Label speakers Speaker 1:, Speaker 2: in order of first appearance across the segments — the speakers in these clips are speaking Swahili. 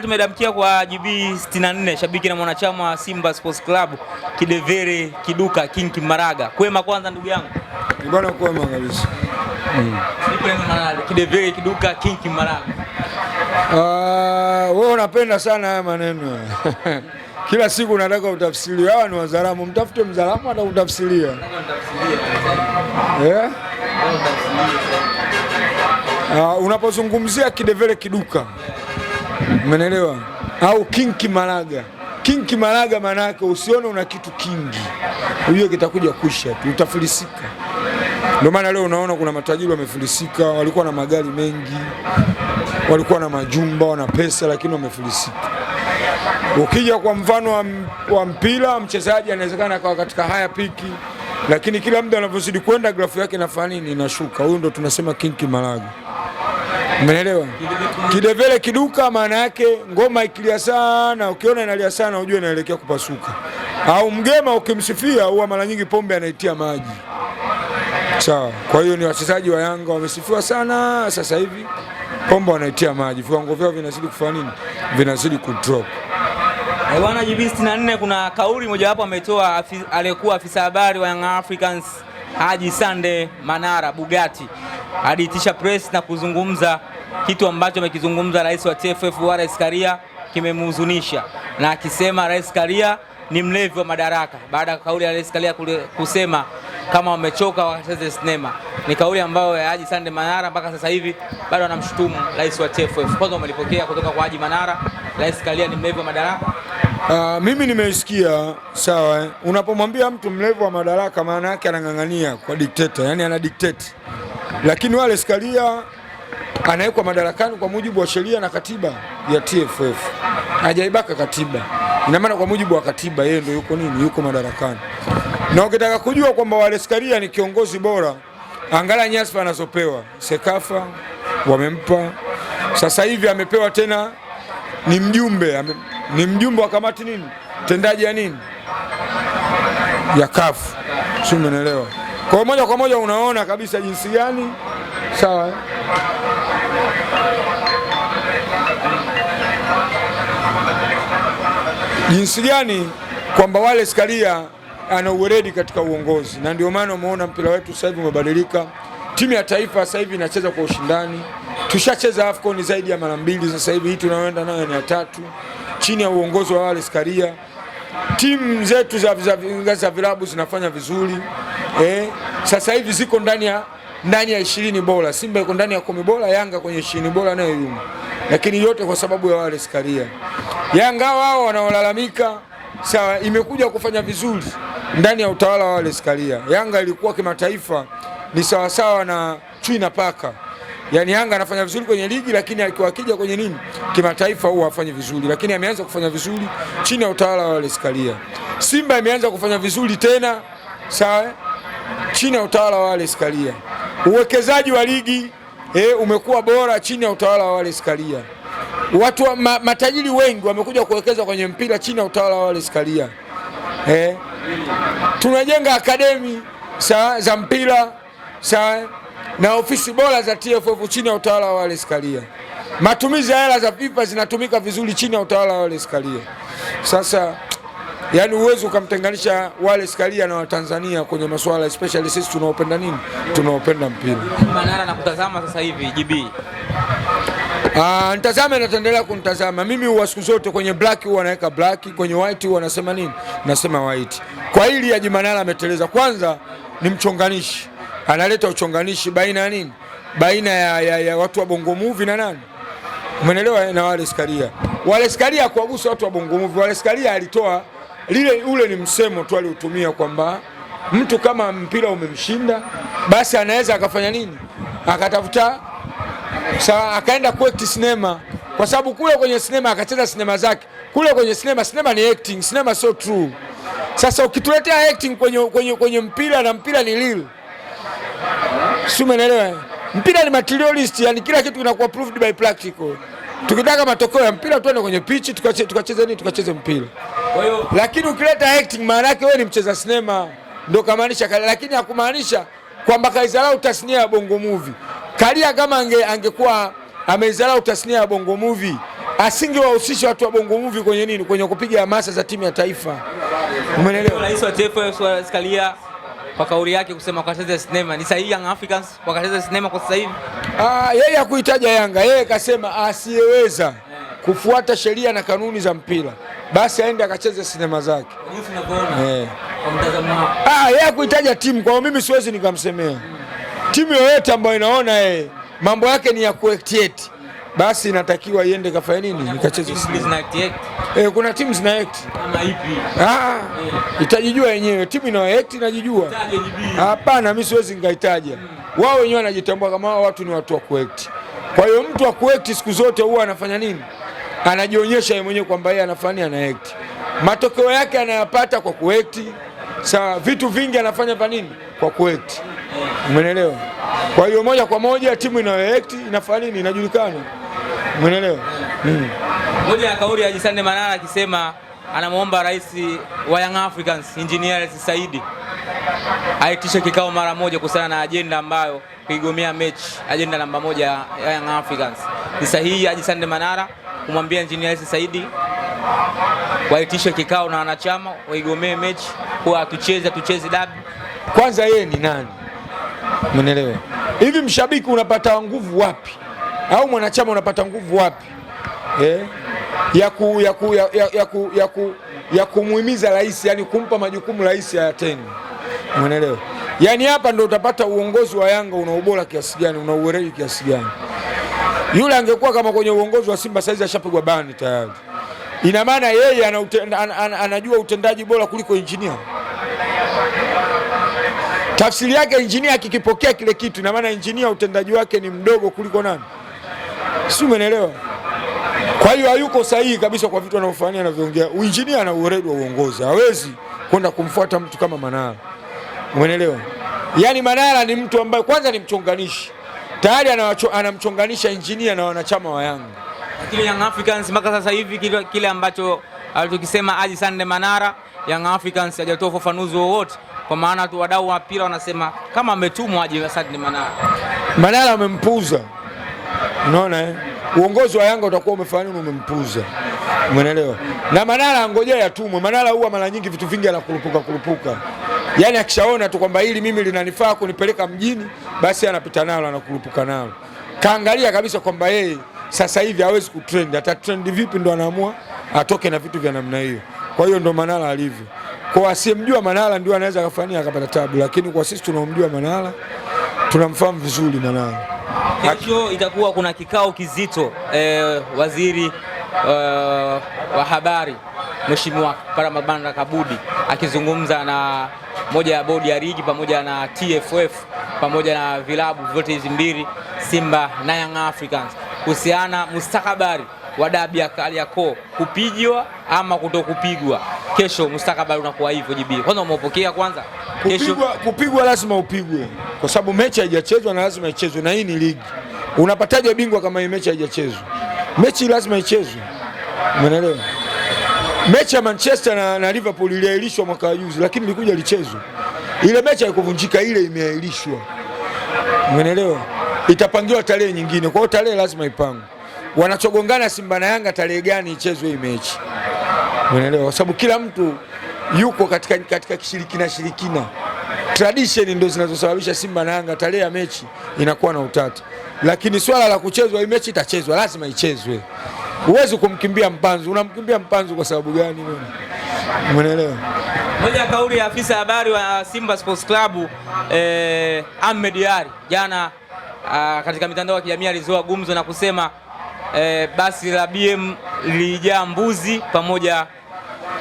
Speaker 1: jana tumedamkia kwa GB 64 shabiki na mwanachama wa Simba Sports Club Kidevere Kiduka King Kimaraga. Kwema kwanza ndugu yangu.
Speaker 2: Bwana kwema kabisa.
Speaker 1: Mm. Kidevere Kiduka King Kimaraga.
Speaker 2: Ah, uh, wewe unapenda sana haya maneno. Kila siku unataka utafsiri. Hawa ni wazalamu, mtafute mzalamu atakutafsiria. Yeah? Eh? Uh, unapozungumzia Kidevere Kiduka umenelewa? Au kinki maraga kinki maraga, maana yake usione una kitu kingi, ujue kitakuja kuisha tu, utafilisika. Ndio maana leo unaona kuna matajiri wamefilisika, walikuwa na magari mengi, walikuwa na majumba, wana pesa, lakini wamefilisika. Ukija kwa mfano wa mpira, mchezaji anawezekana akawa katika haya piki, lakini kila mtu anavyozidi kwenda grafu yake inafanya nini? Inashuka. Huyu ndo tunasema kinki maraga. Umeelewa? Kidevele kiduka, maana yake ngoma ikilia sana, ukiona inalia sana ujue inaelekea kupasuka. Au mgema ukimsifia, huwa mara nyingi pombe anaitia maji. Sawa. Kwa hiyo ni wachezaji wa Yanga wamesifiwa sana sasa hivi, pombe wanaitia maji, viwango vyao vinazidi kufanya nini? Vinazidi kudrop.
Speaker 1: Eh, bwana GB 64 kuna kauli mojawapo ametoa aliyekuwa afisa habari wa Young Africans Haji Sande Manara bugati aliitisha press na kuzungumza kitu ambacho amekizungumza rais wa TFF Wallace Karia kimemhuzunisha, na akisema rais Karia ni mlevi wa madaraka, baada ya kauli ya rais Karia kusema kama wamechoka wacheze sinema. Ni kauli ambayo ya Haji Sande Manara mpaka sasa hivi bado anamshutumu rais wa TFF. Kwanza umelipokea kutoka kwa Haji Manara, rais Karia ni mlevi wa madaraka?
Speaker 2: Uh, mimi nimeisikia sawa. eh. Unapomwambia mtu mlevi wa madaraka, maana yake anang'ang'ania kwa dikteta, yani ana dikteti, lakini Wallace Karia anawekwa madarakani kwa mujibu wa sheria na katiba ya TFF. Hajaibaka katiba, ina maana kwa mujibu wa katiba yeye ndio yuko nini, yuko madarakani. Na ukitaka kujua kwamba Wallace Karia ni kiongozi bora, angalia nyasfa anazopewa Sekafa wamempa sasa hivi amepewa tena, ni mjumbe ame, ni mjumbe wa kamati nini tendaji ya nini ya kafu, si umeelewa? Kwa moja kwa moja unaona kabisa jinsi gani sawa jinsi gani kwamba wale Skaria ana uweredi katika uongozi, na ndio maana umeona mpira wetu sasa hivi umebadilika. Timu ya taifa sasa hivi inacheza kwa ushindani. Tushacheza AFCON zaidi ya mara mbili, sasa hivi hii tunaoenda nayo ni ya tatu chini ya uongozi wa wale Skaria. Timu zetu za za vilabu zinafanya vizuri eh, sasa hivi ziko ndani ya ndani ya ishirini bora. Simba iko ndani ya kumi bora, Yanga kwenye ishirini bora nayo yumo, lakini yote kwa sababu ya wale Skaria. Yanga wao wanaolalamika sawa, imekuja kufanya vizuri ndani ya utawala wa wale Skaria. Yanga ilikuwa kimataifa ni sawasawa na chui na paka, yaani Yanga anafanya vizuri kwenye ligi, lakini akija kwenye nini kimataifa huwa afanye vizuri, lakini ameanza kufanya vizuri chini ya utawala wa Wallace Karia. Simba imeanza kufanya vizuri tena sawa, chini ya utawala wa Wallace Karia. Uwekezaji wa ligi eh, umekuwa bora chini ya utawala wa Wallace Karia. Watu wa, ma, matajiri wengi wamekuja kuwekeza kwenye mpira chini ya utawala wa Wallace Karia. Eh, tunajenga akademi za mpira sawa na ofisi bora za TFF chini ya utawala wa Wallace Karia. Matumizi ya hela za FIFA zinatumika vizuri chini ya utawala wa Wallace Karia. Sasa Yaani uwezo ukamtenganisha wale Karia na Watanzania kwenye masuala especially sisi tunaopenda nini? Tunaopenda mpira.
Speaker 1: Manara na kutazama sasa hivi GB.
Speaker 2: Ah, nitazame na taendelea kunitazama. Mimi huwa siku zote kwenye black huwa naweka black, kwenye white huwa nasema nini? Nasema white. Kwa hili Haji Manara ameteleza. Kwanza ni mchonganishi. Analeta uchonganishi baina ya nini? Baina ya, ya, ya watu wa Bongo Movie na nani? Umeelewa na wale Karia. Wale Karia kuagusa watu wa Bongo Movie. Wale Karia alitoa lile, ule ni msemo tu aliutumia kwamba mtu kama mpira umemshinda basi anaweza akafanya nini, akatafuta sawa, akaenda kuact sinema, kwa sababu kule kwenye sinema akacheza sinema zake kule kwenye sinema. Sinema ni acting, sinema sio true. Sasa ukituletea acting kwenye, kwenye, kwenye mpira na mpira ni real, si umeelewa? Mpira ni materialist, yani kila kitu kinakuwa proved by practical. Tukitaka matokeo ya mpira tuende kwenye pichi tukacheze, tukacheze nini, tukacheze mpira. Kwa hiyo lakini ukileta acting maana yake wewe ni mcheza sinema ndio kamaanisha, lakini hakumaanisha kwamba kaizarau tasnia ya Bongo Movie. Kalia kama ange, angekuwa ameizarau tasnia ya Bongo Movie asingewahusisha watu wa Bongo Movie kwenye nini, kwenye kupiga hamasa za timu ya taifa. Umeelewa?
Speaker 1: Rais wa taifa Kalia kwa kauli yake kusema wakacheze sinema ni sahihi, Young Africans wakacheze sinema kwa sasa hivi.
Speaker 2: Ah, yeye hakuitaja Yanga, yeye kasema asiyeweza kufuata sheria na kanuni za mpira basi aende akacheze sinema zake. Eh. Ah, yeye hakuitaja timu, kwa mimi siwezi nikamsemea timu yoyote ambayo inaona yeye mambo yake ni ya kuectate basi inatakiwa iende kafanya nini, ikacheze. Eh, kuna timu zina act
Speaker 1: kama ipi?
Speaker 2: Ah, ah, itajijua yenyewe timu ina act inajijua. Hapana, mimi siwezi ngaitaja hmm. Wao wenyewe wanajitambua kama wao watu ni watu wa kuact. Kwa hiyo mtu wa kuact siku zote huwa anafanya nini, anajionyesha yeye mwenyewe kwamba yeye anafanya ana act. Matokeo yake anayapata kwa kuact. Sawa, vitu vingi anafanya pa nini kwa kuact, umeelewa? Kwa hiyo moja kwa moja timu inayoact inafanya nini, inajulikana. Mwenelewa? Mm.
Speaker 1: Moja ya kauli ya Jisande Manara akisema anamwomba rais wa Young Africans Engineer Saidi aitishe kikao mara moja kuhusiana na ajenda ambayo kuigomea mechi, ajenda namba moja ya Young Africans. Ni sahihi ajisande Manara kumwambia Engineer Saidi waitishe kikao na wanachama waigomee mechi, kwa tucheze tucheze dabi.
Speaker 2: Kwanza yeye ni nani? Mwenelewa? Hivi mshabiki unapata nguvu wapi? au mwanachama unapata nguvu wapi eh? ya ku, ya ku, ya, ya, ya ku, ya, ku, ya kumuhimiza rais, yani kumpa majukumu rais ayatende, umeelewa? Yani hapa ndo utapata uongozi wa Yanga una ubora kiasi gani, una uwereji kiasi gani. Yule angekuwa kama kwenye uongozi wa Simba saizi ashapigwa bani tayari. Ina maana yeye ana utenda, an, an, anajua utendaji bora kuliko injinia. Tafsiri yake injinia akikipokea kile kitu, ina maana injinia utendaji wake ni mdogo kuliko nani? si umeelewa? Kwa hiyo hayuko sahihi kabisa kwa vitu na viongea. Uinjinia ana uredi wa uongozi, hawezi kwenda kumfuata mtu kama Manara, umeelewa? Yaani Manara ni mtu ambaye kwanza ni mchonganishi tayari anamchonganisha injinia na wanachama wa Yanga,
Speaker 1: lakini Young Africans mpaka sasa hivi kile, kile ambacho alichokisema Haji Sande Manara, Young Africans hajatoa ufafanuzi wowote, kwa maana tu wadau wa mpira wanasema kama ametumwa Haji Sande Manara.
Speaker 2: Manara amempuuza Unaona eh? Uongozi wa Yanga utakuwa umefanya nini? Umempuuza. Umeelewa? Na Manara angojea yatumwe. Manara huwa mara nyingi vitu vingi anakurupuka kurupuka. Yaani akishaona tu kwamba hili mimi linanifaa kunipeleka mjini, basi anapita nalo anakurupuka nalo. Kaangalia kabisa kwamba yeye sasa hivi hawezi kutrend. Ata trend vipi ndo anaamua atoke na vitu vya namna hiyo. Kwa hiyo ndo Manara alivyo. Kwa asiyemjua Manara ndio anaweza akafanyia akapata tabu, lakini kwa sisi tunaomjua Manara tunamfahamu vizuri Manara.
Speaker 1: Kesho itakuwa kuna kikao kizito e, waziri e, wa habari Mheshimiwa Palamagamba Kabudi akizungumza na moja ya bodi ya ligi pamoja na TFF pamoja na vilabu vyote hizi mbili Simba na Young Africans kuhusiana mustakabali wa dabi ya Kariakoo kupigwa ama kutokupigwa. Kesho mustakabali unakuwa hivyo. JB, kwanza umeupokea kwanza?
Speaker 2: kupigwa, kupigwa lazima upigwe kwa sababu mechi haijachezwa na lazima ichezwe, na hii ni ligi. Unapataje bingwa kama hii mechi haijachezwa? Mechi lazima ichezwe, umeelewa? Mechi ya Manchester na, na Liverpool iliahirishwa mwaka wa juzi, lakini ilikuja lichezwe. Ile mechi haikuvunjika, ile imeahirishwa, umeelewa? Itapangiwa tarehe nyingine, kwa hiyo tarehe lazima ipangwe. Wanachogongana Simba na Yanga tarehe gani ichezwe hii mechi, umeelewa? Kwa sababu kila mtu yuko katika, katika kishirikina shirikina. Tradition ndio zinazosababisha Simba na Yanga tarehe ya mechi inakuwa na utata, lakini swala la kuchezwa hii mechi itachezwa, lazima ichezwe. Huwezi kumkimbia mpanzu. Unamkimbia mpanzu kwa sababu gani? Umeelewa?
Speaker 1: Moja ya kauli ya afisa habari wa Simba Sports Club eh, Ahmed Yari jana ah, katika mitandao ya kijamii alizoa gumzo na kusema eh, basi la BM lilijaa mbuzi pamoja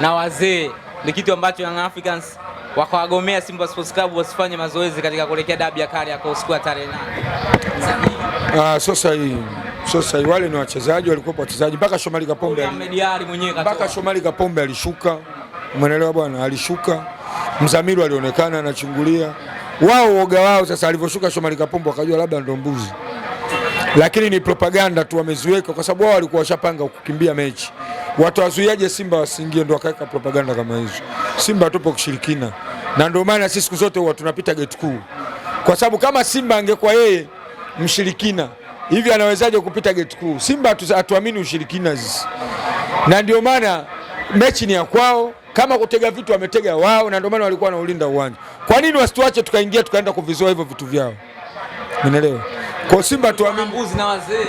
Speaker 1: na wazee ni kitu ambacho Young Africans wakawagomea Simba Sports Club wasifanye mazoezi katika kuelekea dabi ya Kariakoo siku ya tarehe nane.
Speaker 2: Ah, Sio sahihi, sio sahihi. Wale ni wachezaji, walikuwa wachezaji mpaka Shomari Kapombe,
Speaker 1: mwenyewe
Speaker 2: mpaka Shomari Kapombe alishuka, umeelewa bwana, alishuka. Mzamiru alionekana anachungulia, wao woga wao. Sasa alivyoshuka Shomari Kapombe wakajua labda ndo mbuzi, lakini ni propaganda tu wameziweka, kwa sababu wao walikuwa washapanga kukimbia mechi watawazuiaje Simba wasiingie? Ndo wakaweka propaganda kama hizo. Simba tupo kushirikina, na ndio maana sisi siku zote huwa tunapita geti kuu, kwa sababu kama Simba angekuwa yeye mshirikina hivi anawezaje kupita geti kuu? Simba hatuamini ushirikina sisi, na ndio maana mechi ni ya kwao. Kama kutega vitu wametega wao, na ndio maana walikuwa wanaulinda uwanja. Kwa nini wasituache tukaingia tukaenda kuvizoa hivyo vitu vyao? mnaelewa kwa Simba tuamini,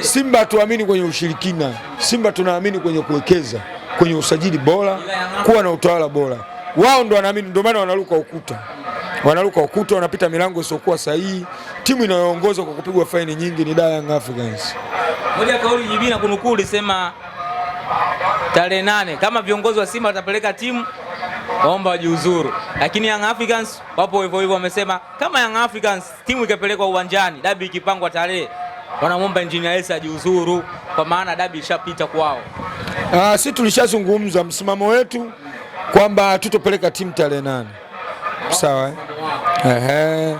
Speaker 2: Simba tuamini kwenye ushirikina. Simba tunaamini kwenye kuwekeza kwenye usajili bora, kuwa na utawala bora. Wao ndo wanaamini, ndio maana wanaruka ukuta, wanaruka ukuta, wanapita milango isiyokuwa sahihi. Timu inayoongozwa kwa kupigwa faini nyingi ni Young Africans.
Speaker 1: Moja kauli jibina kunukuu ulisema tarehe nane, kama viongozi wa Simba watapeleka timu waomba wajiuzuru, lakini Young Africans wapo hivyo hivyo, wamesema kama Young Africans timu ikapelekwa uwanjani, dabi ikipangwa tarehe, wanamwomba Engineer Elsa ajiuzuru, kwa maana dabi ishapita kwao.
Speaker 2: Ah, si tulishazungumza msimamo wetu kwamba hatutopeleka timu tarehe nane. Sawa, ehe,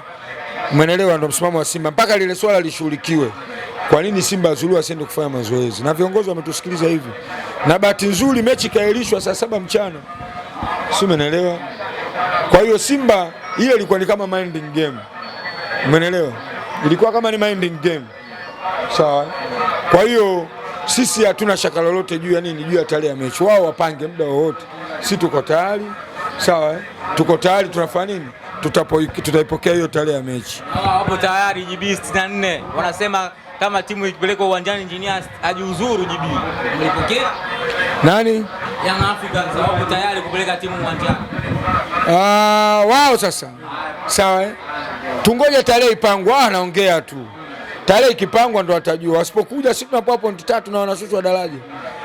Speaker 2: mwenelewa, ndo msimamo wa Simba mpaka lile swala lishughulikiwe. Kwa nini Simba azuru asiende kufanya mazoezi? Na viongozi wametusikiliza hivi, na bahati nzuri mechi kaelishwa saa saba mchana si umeelewa? Kwa hiyo Simba ile ilikuwa ni kama minding game, umeelewa? Ilikuwa kama ni minding game, sawa. Kwa hiyo sisi hatuna shaka lolote juu ya nini, juu ya tarehe ya mechi. Wao wapange muda wowote, si tuko tayari, sawa? Tuko tayari, tunafanya nini? Tutaipokea hiyo tarehe ya mechi.
Speaker 1: Wapo tayari, JB 64 wanasema kama timu ikipelekwa uwanjani, injinia ajiuzuru. JB mlipokea nani? Young Africans wapo tayari kupeleka timu uwanjani.
Speaker 2: Ah, wao sasa sawa, eh? tungoje tarehe ipangwa, anaongea ah, tu tarehe ikipangwa ndo watajua. Wasipokuja sisi tunapoa pointi tatu na wanasushwa daraja,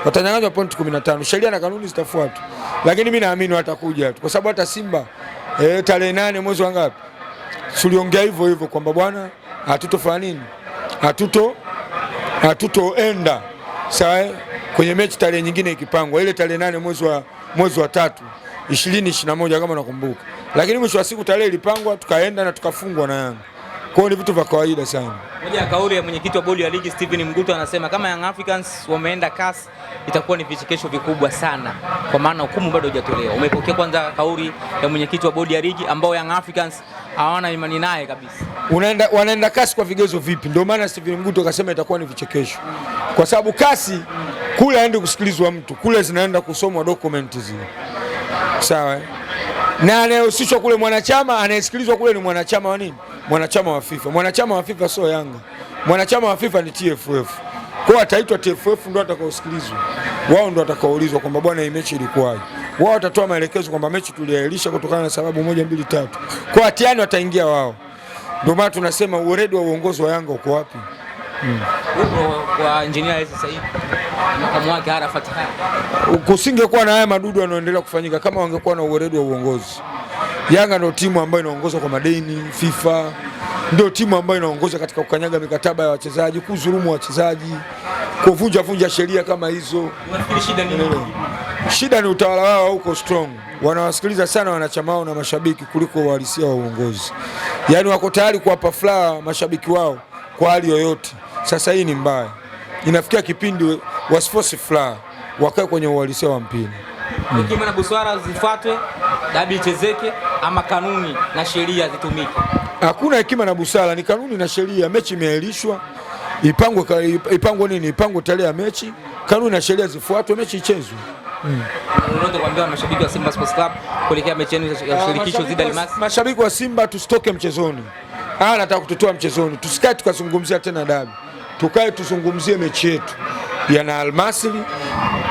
Speaker 2: watanyang'anywa pointi 15. Sheria na kanuni zitafuatwa, lakini mi naamini watakuja tu, kwa sababu hata Simba eh, tarehe nane mwezi wa ngapi tuliongea hivyo hivyo kwamba bwana, hatutofanya nini, hatuto hatutoenda sawa eh? kwenye mechi tarehe nyingine ikipangwa, ile tarehe nane mwezi wa, mwezi wa tatu ishirini ishirini na moja kama nakumbuka, lakini mwisho wa siku tarehe ilipangwa tukaenda na tukafungwa na Yanga. Kwa hiyo ni vitu vya kawaida sana.
Speaker 1: Moja ya kauli ya mwenyekiti wa bodi ya ligi Stephen Mguto anasema kama Young Africans wameenda CAS itakuwa ni vichekesho vikubwa sana, kwa maana hukumu bado hujatolewa. Umepokea kwanza kauli ya mwenyekiti wa bodi ya ligi ambao Young Africans hawana imani naye kabisa.
Speaker 2: Unaenda, wanaenda CAS kwa vigezo vipi? Ndio maana Stephen Mguto akasema itakuwa ni vichekesho, kwa sababu CAS kule aende kusikilizwa mtu, kule zinaenda kusomwa document zile, sawa. Eh? Na anayehusishwa kule mwanachama anayesikilizwa kule ni mwanachama wa nini? Mwanachama wa FIFA. Mwanachama wa FIFA sio Yanga, mwanachama wa FIFA ni TFF. Kwa ataitwa TFF ndo atakaosikilizwa, wao ndo atakaoulizwa kwamba bwana, hii mechi ilikuwaje. Wao watatoa maelekezo kwamba mechi tuliahirisha kutokana na sababu moja mbili tatu, kwa hatiani wataingia wao. Ndio maana tunasema uredi wa uongozi wa Yanga uko wapi?
Speaker 1: kwa engineer hizi sasa hivi makamu wake
Speaker 2: Kusingekuwa na haya madudu yanayoendelea kufanyika kama wangekuwa na uweredi wa uongozi. Yanga ndio timu ambayo inaongozwa kwa madeni FIFA, ndio timu ambayo inaongoza katika kukanyaga mikataba ya wachezaji, kudhulumu wachezaji, kuvunja vunja sheria kama hizo. Shida ni Shida ni utawala wao huko strong, wanawasikiliza sana wanachama wao na mashabiki kuliko uhalisia wa uongozi. Yaani wako tayari kuwapa furaha mashabiki wao kwa hali yoyote. Sasa hii ni mbaya, inafikia kipindi wasifosi furaha, wakae kwenye uhalisia wa mpira.
Speaker 1: Hmm. Hekima na buswara zifuatwe, dabi ichezeke, ama kanuni na sheria zitumike.
Speaker 2: Hakuna hekima na busara, ni kanuni na sheria. Mechi imeahirishwa, ipangwe ipangwe nini, ipangwe tarehe ya mechi, kanuni na sheria zifuatwe, mechi ichezwe. Hmm.
Speaker 1: Mashabiki wa Simba ah,
Speaker 2: Mashabiki wa Simba tusitoke mchezoni, anataka ah, kututoa mchezoni, tusikae tukazungumzia tena dabi tukae tuzungumzie mechi yetu ya na Almasri,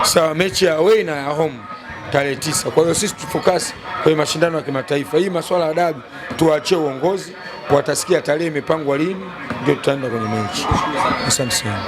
Speaker 2: sawa, mechi ya away na ya home tarehe tisa. Kwa hiyo sisi tufokasi kwenye mashindano ya kimataifa. Hii masuala ya dabi tuwaachie uongozi, watasikia tarehe imepangwa lini, ndio tutaenda kwenye mechi. Asante sana.